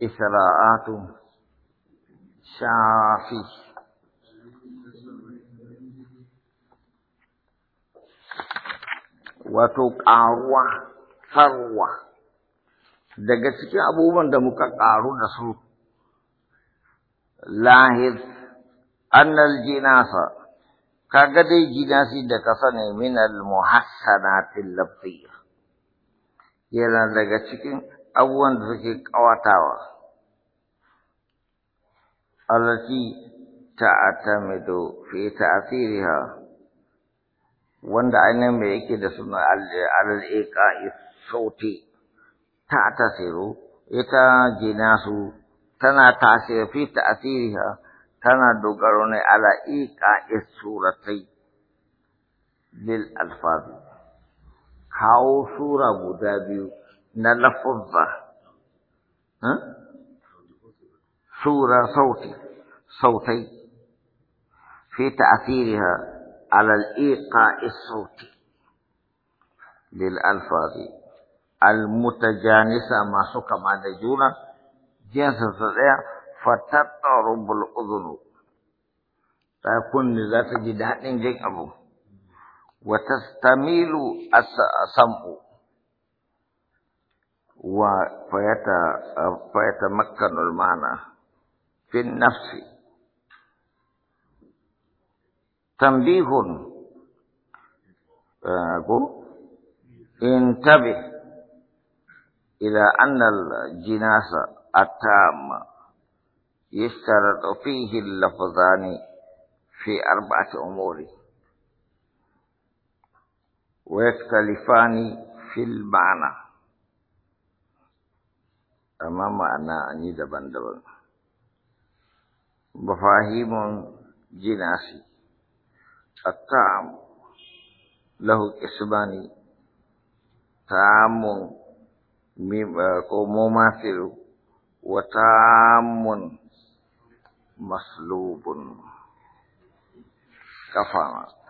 israatun shafi. wato ƙaruwa farwa daga cikin abubuwan da muka ƙaru da su lahir annal jinasa kaga dai jinasi da ka sani minal muhassanatil lafiyya yana daga cikin abubuwan da suke ƙawatawa ta ta'tamidu fi asiriha, wanda ainihin mai yake da suna al-iqa'i sauti ta'tasiru ita su tana tasiri fi ta'siriha tana dogaro ne ala iqa'i suratai bil alfazi kawo sura guda biyu نلفظه ها صورة صوتي صوتي في تأثيرها على الإيقاع الصوتي للألفاظ المتجانسة مع سكة مع نجونة جنس الصدر فتضرب الأذن تكون ذات جدات وتستميل السمع ويتمكن المعنى في النفس تنبيه انتبه إلى أن الجناس التام يشترط فيه اللفظان في أربعة أمور ويختلفان في المعنى kamar ma'ana a ni daban-daban. Bafahimun jinasi, ta'am lahu isbani ta'amun eh, ko mumasiru wa ta'amun maslubun kafama.